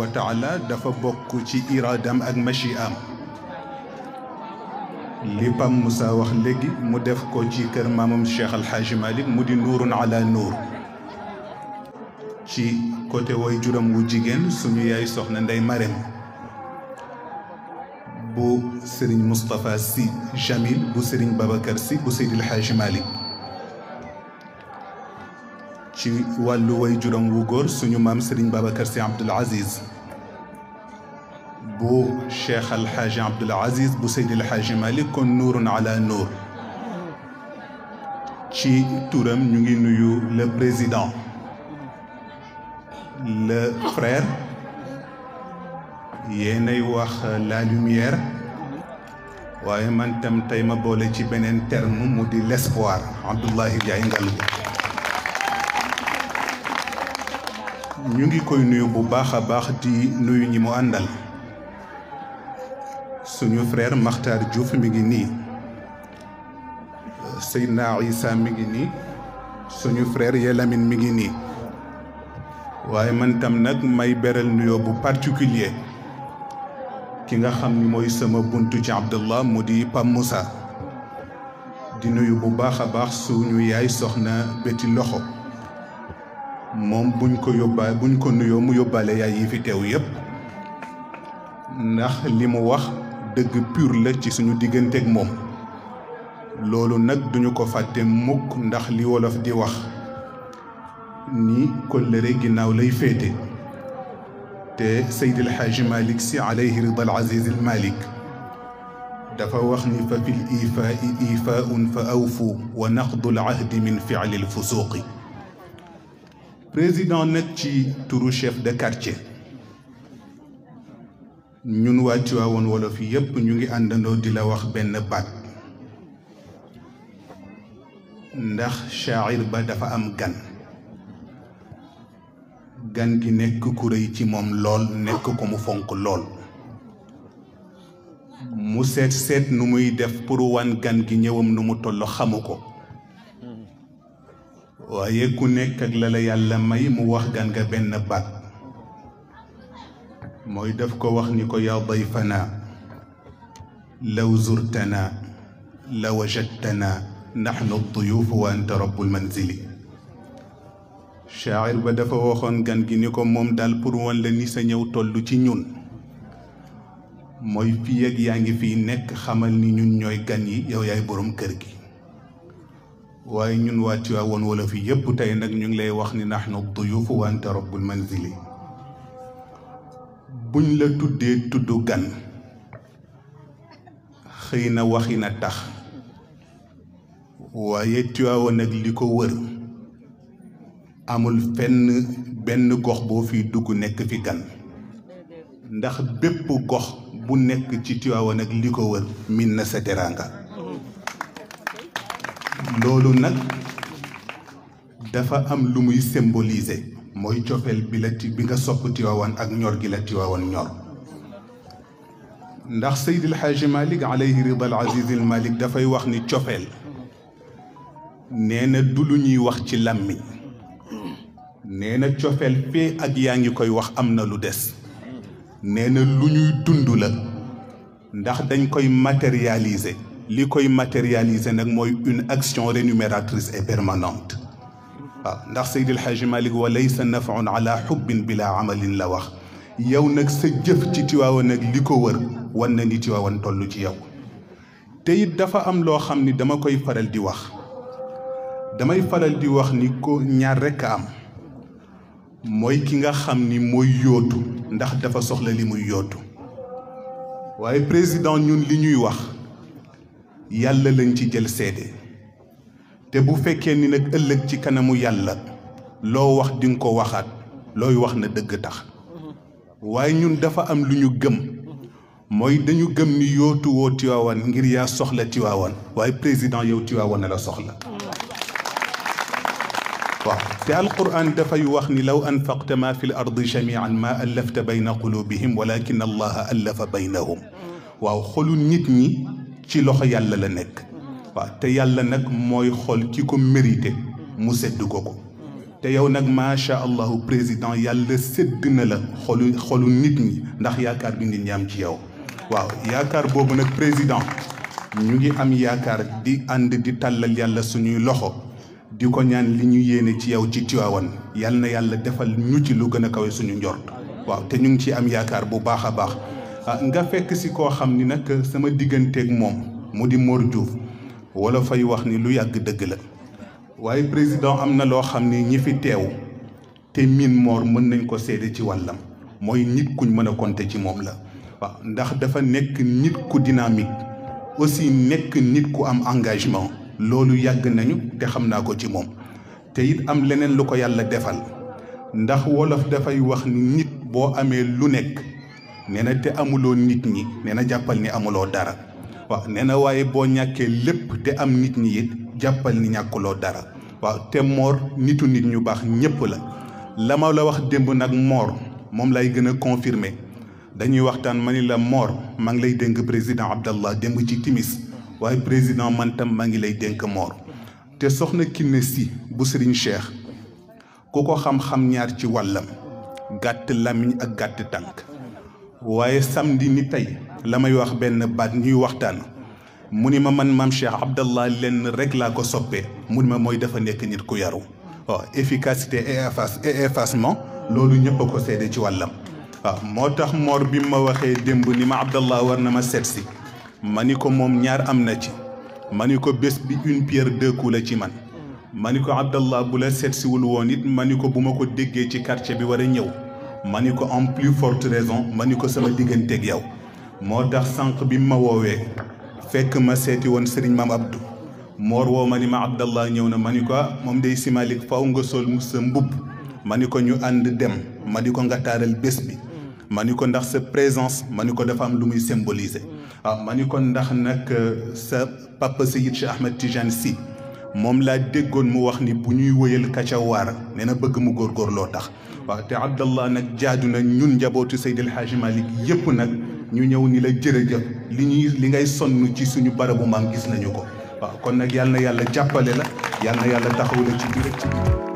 وتعالى دفا بوكو شي ارادام اك مشيئام لي بام موسى واخ لغي مو ديف كو شي كير مامم شيخ الحاج مالك مودي نور على نور شي كوتي واي جورم و جيجن سونو ياي سوخنا نداي مريم بو سيرين مصطفى سي جميل بو سيرين بابا كرسي بو سيد الحاج مالك ci walu way juróom wu gor suñu maam sëriñ Babacar si Abdoul Aziz bu cheikh al alxaaji Abdoul Aziz bu al alxaaji Malik kon nuurun ala nur ci touram ñu ngi nuyu le président le frère yéenay wax la lumière waye man tam tay ma bolé ci benen terme mu di l'espoir abdullah Ndiaye ngalou ñu ngi koy nuyu bu baax a baax di nuyu ñi mu àndal suñu frère Makhtar Diouf mi ngi nii Seydina Issa mi ngi nii suñu frère Yelamine mi ngi nii waaye man tam nag may beral nuyoo bu particulier ki nga xam ni mooy sama buntu ci Abdallah mu di Pam Moussa di nuyu bu baax a baax suñu yaay soxna Beti Loxo mom buñ ko yobba buñ ko nuyo mu yobale yaay yi fi tew yeb ndax limu wax deug pur la ci suñu digënté ak mom lolu nak duñu ko fàtte mukk ndax li wolof di wax ni ko kollëre ginaaw lay fété te sayyid al haj Malik si alayhi ridha al aziz al malik dafa wax ni fa fil ifa ifa fa awfu wa naqdu al ahd min fi'l al fusuq président nag ci turu chef de quartier ñun waa Tivaouane Wolof yépp ñu ngi àndandoo di la wax benn baat ndax shaa'ir ba dafa am gan gan gi nekk ku rëy ci moom lool nekk ko mu fonk lool mu seet seet nu muy def pour wan gan gi ñëwam nu mu toll xamu ko waye ku nek ak lala yàlla may mu wax gan nga ben bat moy def ko wax ni ko ya dayfana law zurtana la wajadtana ad-duyuf wa anta rabbul manzili shaacir ba dafa waxon gan gi ni ko mom dal pour won la ni sa ñëw tollu ci ñun moy fi ak yaangi fi nek xamal ni ñun ñoy gan yi yow yaay borom kër gi waaye ñun waa Tiwaawoon wala fi yépp tey nag ñu ngi lay wax ni nahnu duyufu wa anta rabbul manzili buñ la tuddee tudd gan xëy na waxi na tax waaye Tiwaawoon ak li ko wër amul fenn benn gox boo fi dugg nekk fi gan ndax bépp gox bu nekk ci Tiwaawoon ak li ko wër min na sa teraanga lolu nak dafa am lu muy symboliser moy ciopel bi la ti bi nga sopp Tiwaawan ak ñor gi la Tiwaawan ñor ndax al haji Malik alayhi aziz azizil Malik fay wax ni ciopel neena du lu ñuy wax ci lammi neena ciopel cofeel ak yaangi koy wax amna lu dess neena lu ñuy dund la ndax dañ koy matérialiser li koy matérialiser nag mooy une action rémunératrice et permanente waaw ndax Seydil Hadji Malick wa laysa nafaun ala xubbin bila amalin la wax yow nag sa jëf ci Tiwaawan nag li ko wër wan na ni Tiwaawan toll ci yow te it dafa am loo xam ni dama koy faral di wax damay faral di wax ni ko ñaar rekk am mooy ki nga xam ni mooy yóotu ndax dafa soxla li muy yóotu waaye président ñun li ñuy wax yàlla lañ ci jël sédé te bu féké ni nak ëlëk ci kanamu yàlla lo wax di ko waxat loy wax na dëgg tax waaye ñun dafa am luñu gëm moy dañu gëm ni yootu wo tiwawan ngir ya soxla tiwawan waaye président yow tiwawan la soxla wa te alquran dafay wax ni law anfaqta ma fil ardi jamian ma alafta bayna qulubihim walakin allaha alafa baynahum wa khulun nit ñi ci loxo yàlla la nekk waaw te yàlla nag mooy xool ki ko mérité mu sedd ko ko te yow nag macha allahu président yàlla sedd na la xolu xolu nit ñi ndax yaakaar bi nit ñi ci yow waaw yaakaar boobu nag président ñu ngi am yaakaar di ànd di tàllal yàlla suñuy loxo di ko ñaan li ñu yéene ci yow ci Tiwaawan yal na yàlla defal ñu ci lu gën a kawe suñu njort waaw te ñu ngi ci am yaakaar bu baax a baax Ah, nga fekk si koo xam ni nag sama digganteeg moom mu di Mor Diouf wala fay wax ni lu yàgg dëgg la waaye président am na loo xam ni ñi fi teew te miin Mor mën nañ ko seede ci wàllam mooy nit kuñ mën a ci moom la. waaw ndax dafa nekk nit ku dynamique aussi nekk nit ku am engagement loolu yàgg nañu te xam naa ko ci moom te am leneen lu ko yàlla defal ndax wolof dafay wax ni nit boo amee lu nekk. nee na te amuloo nit ñi nee na jàppal ni amuloo dara waaw nee na waaye boo ñàkkee lépp te am nit ñi jàppal ni ñàkkuloo dara waaw te moor nitu nit ñu baax ñépp la la ma la wax démb nag moor moom lay gën a confirmer dañuy waxtaan ma ni la moor maa ngi lay dénk président Abdallah démb ci timis waaye président mantam tam maa ngi lay dénk moor te soxna Kiné Sy bu Serigne Cheikh ku ko xam-xam ñaar ci wàllam gàtt làmmiñ ak gàtt tànk waaye samedi ni tey la may wax benn baat ñuy waxtaan mu ni ma man maam Cheikh Abdallah lenn rek laa ko soppee mu ni ma mooy dafa nekk nit ku yaru waaw efficacité et effacement loolu ñëpp a ko seede ci wàllam waaw moo tax moor bi ma waxee démb ni ma Abdallah war na ma seet si ma ni ko moom ñaar am na ci ma ni ko bés bi une pierre deux coups la ci man ma ni ko Abdallah bu la seetsiwul woon it ma ni ko bu ma ko déggee ci quartier bi war a ñëw Maniko en plus forte raison Maniko ko sama yow que suis bi ma wowe fekk ma won Serigne Abdou ma Abdallah ñewna maniko ah, mom faw nga sol Je suis ñu Je dem maniko ko nga ndax sa présence Maniko lu muy symboliser ah, ndax euh, sa papa Seyid Ahmed Tijani. moom laa déggoon mu wax ni bu ñuy wëyal ka ca nee na bëgg mu góorgóorloo tax waaw te Abdallah nag jaadu na ñun njabootu Seydil Hadji Malick yépp nag ñu ñëw ni la jërëjëf li ñuy li ngay sonn ci suñu barabu maam gis nañu ko waaw kon nag yàlla na yàlla jàppale la yàlla na yàlla taxaw la ci biir ak ci biir